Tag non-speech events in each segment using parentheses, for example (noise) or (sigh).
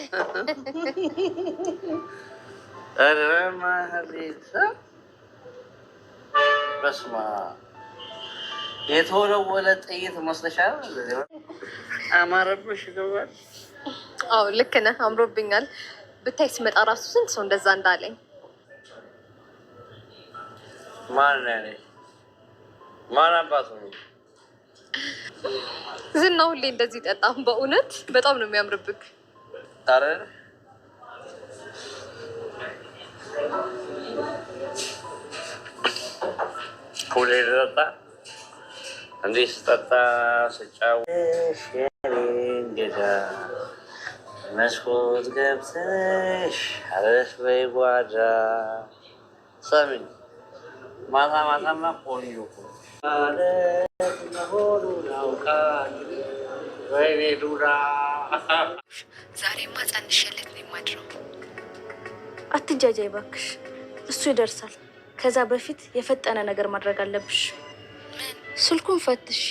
(laughs) ኧረ ማህሌት በስመ የተወለወለ ጥይት መስለሻል። አማረብሽ ገባል። አዎ ልክ ነህ። አምሮብኛል። ብታይ ስመጣ ራሱ ስንት ሰው እንደዛ እንዳለኝ ማን ማን አባቱ ዝና ሁሌ እንደዚህ ጠጣም። በእውነት በጣም ነው የሚያምርብክ። daftar kulir data nanti data sejauh sharing kita meskut gapsesh harus bebaja Samin masa-masa mah pun yuku ada Wei, Dura ዛሬማ ጸንሼለት ነው የማድረው። አትጃጃይ እባክሽ፣ እሱ ይደርሳል። ከዛ በፊት የፈጠነ ነገር ማድረግ አለብሽ። ስልኩን ፈትሽ፣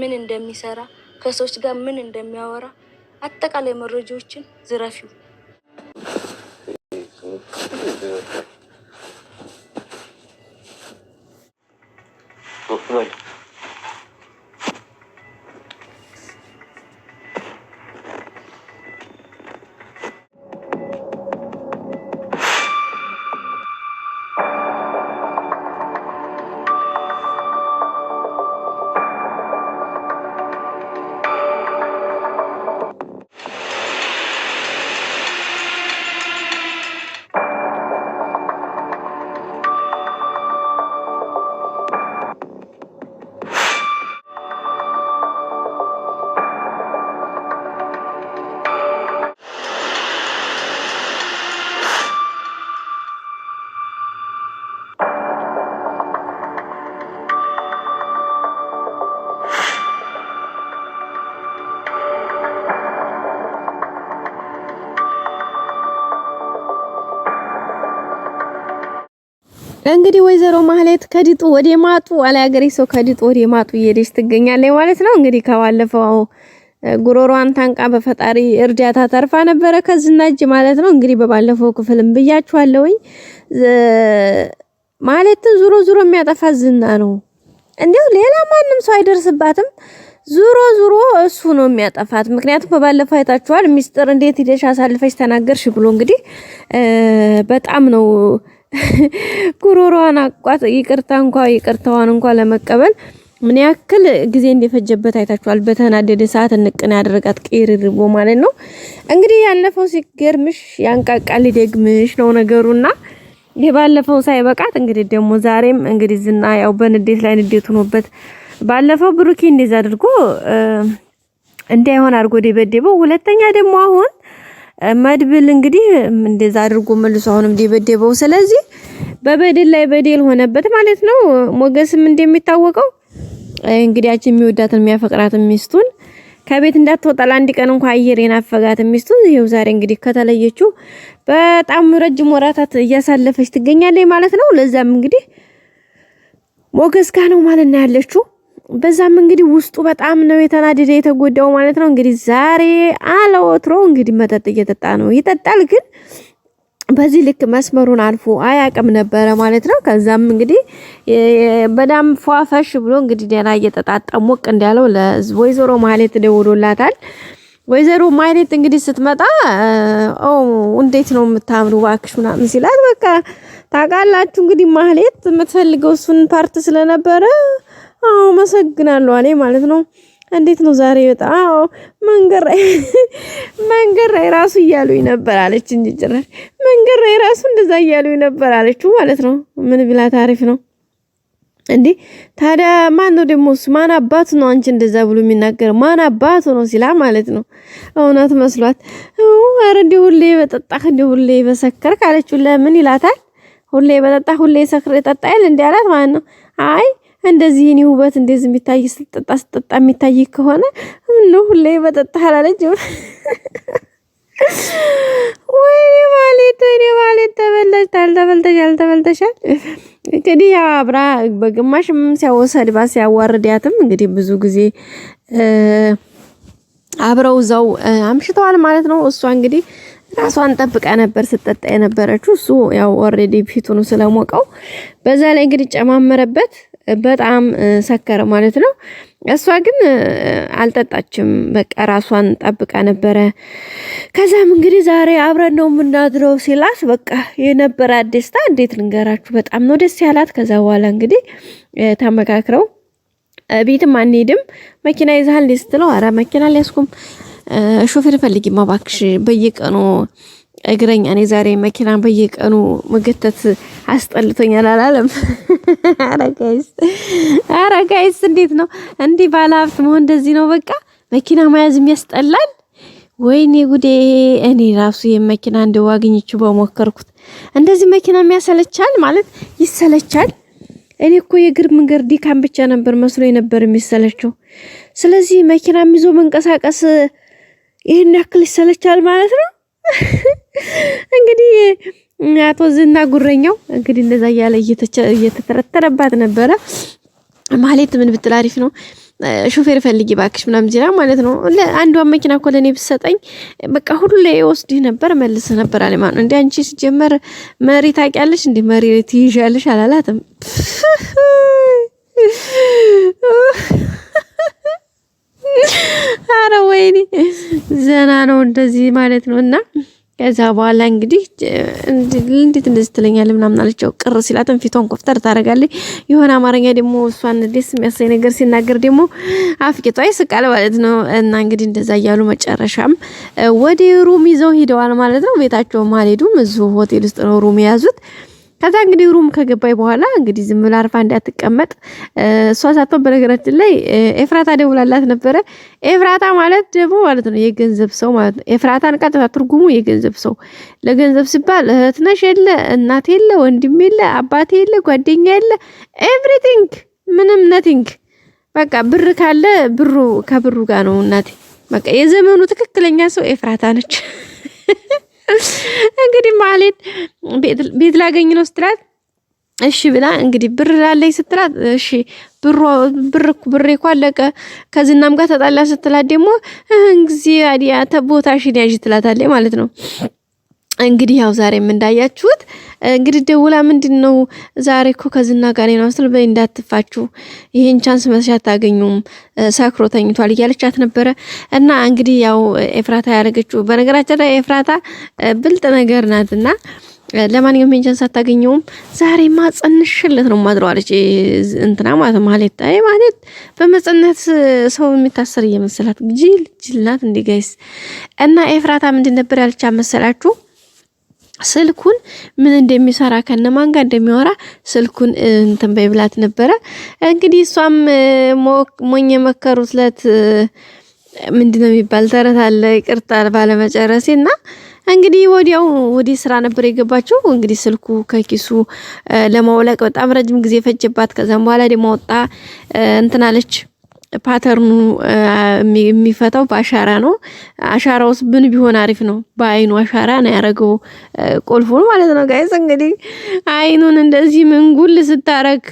ምን እንደሚሰራ ከሰዎች ጋር ምን እንደሚያወራ አጠቃላይ መረጃዎችን ዝረፊው። እንግዲህ ወይዘሮ ማህሌት ከድጡ ወደ ማጡ አለ ሀገሬ ሰው ከድጡ ወደ ማጡ እየሄደች ትገኛለች ማለት ነው። እንግዲህ ከባለፈው ጉሮሯን ታንቃ በፈጣሪ እርዳታ ተርፋ ነበረ ከዝና እጅ ማለት ነው። እንግዲህ በባለፈው ክፍልም ብያችኋለሁኝ ማለትን ዙሮ ዙሮ የሚያጠፋ ዝና ነው። እንዲሁ ሌላ ማንም ሰው አይደርስባትም። ዙሮ ዙሮ እሱ ነው የሚያጠፋት። ምክንያቱም በባለፈው አይታችኋል፣ ሚስጥር እንዴት ሂደሽ አሳልፈሽ ተናገርሽ ብሎ እንግዲህ በጣም ነው ጉሮሯን አቋት ይቅርታ እንኳ ይቅርታዋን እንኳ ለመቀበል ምን ያክል ጊዜ እንደፈጀበት አይታችኋል። በተናደደ ሰዓት እንቅን ያደረጋት ቅርርቦ ማለት ነው። እንግዲህ ያለፈው ሲገርምሽ ያንቃቃል ደግምሽ ነው ነገሩና የባለፈው ሳይበቃት እንግዲህ ደግሞ ዛሬም እንግዲህ ዝና ያው በንዴት ላይ ንዴት ሆኖበት ባለፈው ብሩኬ እንደዛ አድርጎ እንዳይሆን አድርጎ ደበደበው። ሁለተኛ ደግሞ አሁን መድብል እንግዲህ እንደዛ አድርጎ መልሶ አሁንም ደበደበው። ስለዚህ በበደል ላይ በደል ሆነበት ማለት ነው። ሞገስም እንደሚታወቀው እንግዲህ የሚወዳት የሚወዳትን የሚያፈቅራትን ሚስቱን ከቤት እንዳትወጣ ለአንድ ቀን እንኳን አየር የናፈጋት ሚስቱን ይኸው ዛሬ እንግዲህ ከተለየችው በጣም ረጅም ወራታት እያሳለፈች ትገኛለች ማለት ነው። ለዛም እንግዲህ ሞገስ ጋ ነው ማለት ነው ያለችው። በዛም እንግዲህ ውስጡ በጣም ነው የተናደደ የተጎዳው ማለት ነው። እንግዲህ ዛሬ አለወትሮ እንግዲህ መጠጥ እየጠጣ ነው ይጠጣል፣ ግን በዚህ ልክ መስመሩን አልፎ አያቅም ነበረ ማለት ነው። ከዛም እንግዲህ በዳም ፏፈሽ ብሎ እንግዲህ ደና እየጠጣጠ ሞቅ እንዳለው ለወይዘሮ ማህሌት ደውሎላታል። ወይዘሮ ማህሌት እንግዲህ ስትመጣ ኦ እንዴት ነው የምታምሩ እባክሽ ምናምን ሲላት፣ በቃ ታውቃላችሁ እንግዲህ ማህሌት የምትፈልገው እሱን ፓርት ስለነበረ አዎ መሰግናለሁ አለ ማለት ነው። እንዴት ነው ዛሬ በጣም አዎ መንገድ ላይ (laughs) መንገድ ላይ ራሱ እያሉኝ ነበር አለች እንጂ ጭራሽ መንገድ ላይ ራሱ እንደዛ እያሉኝ ነበር አለችው ማለት ነው። ምን ብላ ታሪፍ ነው። እንዴ ታዲያ ማነው ደግሞ እሱ ማን አባቱ ነው አንቺ እንደዛ ብሎ የሚናገር ማን አባቱ ነው ሲላ ማለት ነው። እውነት መስሏት ኧረ እንዲህ ሁሌ በጠጣህ እንዲህ ሁሌ በሰከርክ አለችው። ለምን ይላታል። ሁሌ በጠጣህ ሁሌ ሰክር ጠጣ ይል እንዲህ አላት ማለት ነው። አይ እንደዚህ እኔ ውበት እንደዚህ የሚታይ ስጠጣ ስጠጣ የሚታይ ከሆነ ምን ሁሌ በጠጣ አላለች ወይ ማለት ወይ ማለት ተበልተሻል፣ ተበልተሻል፣ ተበልተሻል። እንግዲህ ያው አብራ በግማሽም ሲያወሰድባት ሲያዋርዳትም እንግዲህ ብዙ ጊዜ አብረው ዘው አምሽተዋል ማለት ነው። እሷ እንግዲህ ራሷን ጠብቃ ነበር ስጠጣ የነበረችው። እሱ ያው ኦልሬዲ ፊቱን ስለሞቀው በዛ ላይ እንግዲህ ጨማመረበት። በጣም ሰከረ ማለት ነው። እሷ ግን አልጠጣችም። በቃ ራሷን ጠብቃ ነበረ። ከዛም እንግዲህ ዛሬ አብረን ነው የምናድረው ሲላት በቃ የነበራት ደስታ እንዴት ልንገራችሁ፣ በጣም ነው ደስ ያላት። ከዛ በኋላ እንግዲህ ተመካክረው ቤትም አንሄድም መኪና ይዛሃል ስትለው፣ ኧረ መኪና አልያዝኩም ሾፌር ፈልጊማ እባክሽ በየቀኑ እግረኛ እኔ ዛሬ መኪናን በየቀኑ መገተት አስጠልቶኛል አላለም። (laughs) አረጋይስ አረጋይስ እንዴት ነው እንዲህ ባለሀብት መሆን እንደዚህ ነው። በቃ መኪና መያዝ የሚያስጠላል። ወይኔ ጉዴ! እኔ ራሱ የመኪና እንደው አግኝቼው በሞከርኩት እንደዚህ መኪና የሚያሰለቻል ማለት ይሰለቻል። እኔ እኮ የእግር መንገድ ድካም ብቻ ነበር መስሎ ነበር የሚሰለቸው። ስለዚህ መኪናም ይዞ መንቀሳቀስ ይህን ያክል ይሰለቻል ማለት ነው። (laughs) እንግዲህ አቶ ዝና ጉረኛው እንግዲህ እንደዛ እያለ እየተተረተረባት ነበረ። ማለት ምን ብትል አሪፍ ነው ሹፌር ፈልጊ ባክሽ ምናምን ዜና ማለት ነው። አንዷን መኪና እኮ ለእኔ ብትሰጠኝ በቃ ሁሉ ላይ ወስድህ ነበር መልስህ ነበር አለ ማለት ነው። እንደ አንቺ ሲጀመር መሪ ታውቂያለሽ፣ እንደ መሪ ትይዣለሽ አላላትም። አረ ወይኔ ዘና ነው እንደዚህ ማለት ነው እና ከዛ በኋላ እንግዲህ እንዴት እንደዚህ ትለኛለህ ምናምን አለችው። ቅር ሲላትም ፊቷን ኮፍተር ታደርጋለች። የሆነ አማርኛ ደግሞ እሷን ደስ የሚያሳይ ነገር ሲናገር ደግሞ አፍቂቷ ይስቃል ማለት ነው። እና እንግዲህ እንደዛ እያሉ መጨረሻም ወደ ሩም ይዘው ሂደዋል ማለት ነው። ቤታቸውም አልሄዱም፣ እዚሁ ሆቴል ውስጥ ነው ሩም የያዙት። ከዛ እንግዲህ ሩም ከገባይ በኋላ እንግዲህ ዝም ብላ አርፋ እንዳትቀመጥ እሷ ሳትሆን በነገራችን ላይ ኤፍራታ ደውላላት ነበረ። ኤፍራታ ማለት ደግሞ ማለት ነው የገንዘብ ሰው ማለት ነው። ኤፍራታን ቀጥታ ትርጉሙ የገንዘብ ሰው። ለገንዘብ ሲባል እህት ነሽ የለ እናት የለ ወንድም የለ አባት የለ ጓደኛ የለ ኤቭሪቲንግ ምንም ነቲንግ በቃ ብር ካለ ብሩ ከብሩ ጋር ነው እናቴ። በቃ የዘመኑ ትክክለኛ ሰው ኤፍራታ ነች። (laughs) እንግዲህ ማህሌት ቤት ላገኝ ነው ስትላት እሺ ብላ እንግዲህ ብር አለኝ ስትላት እሺ ብሮ ብር ብሬ እኮ አለቀ ከዝናም ጋር ተጣላ ስትላት ደግሞ እንግዲህ አዲያ ተቦታሽን ያዥ ትላታለች ማለት ነው። እንግዲህ ያው ዛሬም እንዳያችሁት እንግዲህ ደውላ ምንድን ነው ዛሬ እኮ ከዝና ጋር ነው ስትል፣ በይ እንዳትፋችሁ ይሄን ቻንስ መቼ አታገኙም፣ ሰክሮ ተኝቷል እያለቻት ነበረ። እና እንግዲህ ያው ኤፍራታ ያደረገችው በነገራችን ላይ ኤፍራታ ብልጥ ነገር ናትና ለማንኛውም ይህን ቻንስ አታገኘውም፣ ዛሬ ጸንሽለት ነው ማድረዋለች እንትና ማለት ማለት አይ ማለት በመጸነት ሰው የሚታሰር እየመሰላት ጅል ጅል ናት ጋይስ። እና ኤፍራታ ምንድን ነበር ያለቻት መሰላችሁ? ስልኩን ምን እንደሚሰራ ከነማን ጋር እንደሚያወራ ስልኩን እንትን በይ ብላት ነበረ። እንግዲህ እሷም ሞኝ የመከሩት ለት ምንድነው የሚባል ተረት አለ፣ ይቅርታ ባለመጨረሴ እና እንግዲህ ወዲያው ወዲህ ስራ ነበር የገባችው። እንግዲህ ስልኩ ከኪሱ ለማውለቅ በጣም ረጅም ጊዜ ፈጀባት። ከዛም በኋላ ደግሞ ወጣ እንትናለች ፓተርኑ የሚፈታው በአሻራ ነው። አሻራ ውስጥ ምን ቢሆን አሪፍ ነው? በአይኑ አሻራ ነው ያደረገው ቁልፉን ማለት ነው። ጋይስ እንግዲህ አይኑን እንደዚህ ምንጉል ስታረግ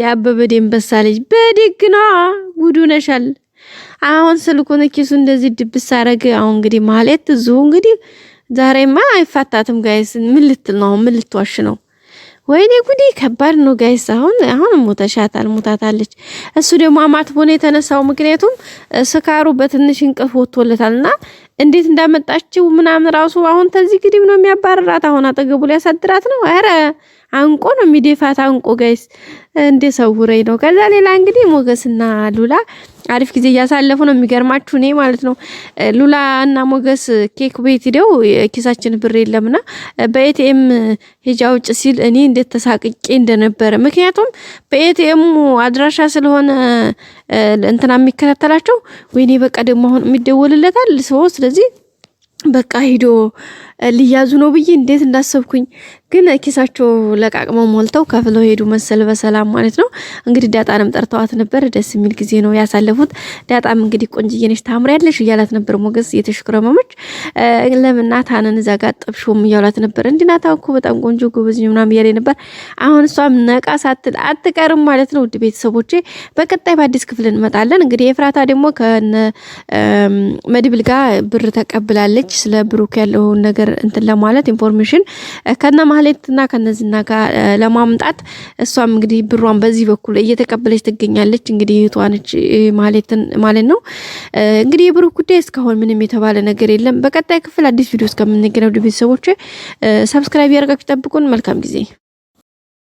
የአበበ ደንበሳ ልጅ በድግ ነዋ ጉዱ ነሻል። አሁን ስልኩን ኪሱ እንደዚህ ድብስ አረግ። አሁን እንግዲህ ማለት እዚሁ እንግዲህ ዛሬማ አይፋታትም ጋይስ። ምን ልትል ነው? ምን ልትዋሽ ነው? ወይኔ ጉዴ ከባድ ነው ጋይስ። አሁን አሁን ሞተሻታል፣ ሞታታለች። እሱ ደግሞ አማት ሆነ የተነሳው፣ ምክንያቱም ስካሩ በትንሽ እንቅልፍ ወጥቶለታልና እንዴት እንዳመጣችው ምናምን ራሱ አሁን ተዚህ ግድም ነው የሚያባረራት። አሁን አጠገቡ ሊያሳድራት ነው። አረ አንቆ ነው የሚደፋት። አንቆ ጋይስ እንዴ ሰውረኝ ነው። ከዛ ሌላ እንግዲህ ሞገስና ሉላ አሪፍ ጊዜ እያሳለፉ ነው። የሚገርማችሁ እኔ ማለት ነው ሉላ እና ሞገስ ኬክ ቤት ሂደው ኪሳችን ብር የለምና በኤቲኤም ሄጃ ውጭ ሲል እኔ እንዴት ተሳቅቄ እንደነበረ ምክንያቱም በኤቲኤሙ አድራሻ ስለሆነ እንትና የሚከታተላቸው ወይኔ በቃ ደግሞ አሁን የሚደወልለታል ሰው ስለዚህ በቃ ሂዶ ሊያዙ ነው ብዬ እንዴት እንዳሰብኩኝ ግን ኪሳቸው ለቃቅመው ሞልተው ከፍለው ሄዱ መሰል በሰላም ማለት ነው። እንግዲህ ዳጣንም ጠርተዋት ነበር። ደስ የሚል ጊዜ ነው ያሳለፉት። ዳጣም እንግዲህ ቆንጅዬ ነሽ ታምሪያለሽ እያላት ነበር ሞገስ የተሽክረመመች ለምን ናታንን እዛ ጋር ጥብሾም እያሏት ነበር። እንዲህ ናታ እኮ በጣም ቆንጆ ጎበዝ ምናምን እያለኝ ነበር። አሁን እሷም ነቃ ሳትል አትቀርም ማለት ነው። ውድ ቤተሰቦቼ በቀጣይ በአዲስ ክፍል እንመጣለን። እንግዲህ የፍራታ ደግሞ ከነ መድብል ጋር ብር ተቀብላለች። ስለ ብሩክ ያለውን ነገር ነገር እንትን ለማለት ኢንፎርሜሽን ከነ ማህሌትና ከነዝና ጋር ለማምጣት እሷም እንግዲህ ብሯን በዚህ በኩል እየተቀበለች ትገኛለች። እንግዲህ እህቷነች ማህሌትን ማለት ነው። እንግዲህ የብሩክ ጉዳይ እስካሁን ምንም የተባለ ነገር የለም። በቀጣይ ክፍል አዲስ ቪዲዮ እስከምንገናኝ ቤተሰቦች ሰብስክራይብ ያደርጋችሁ ጠብቁን። መልካም ጊዜ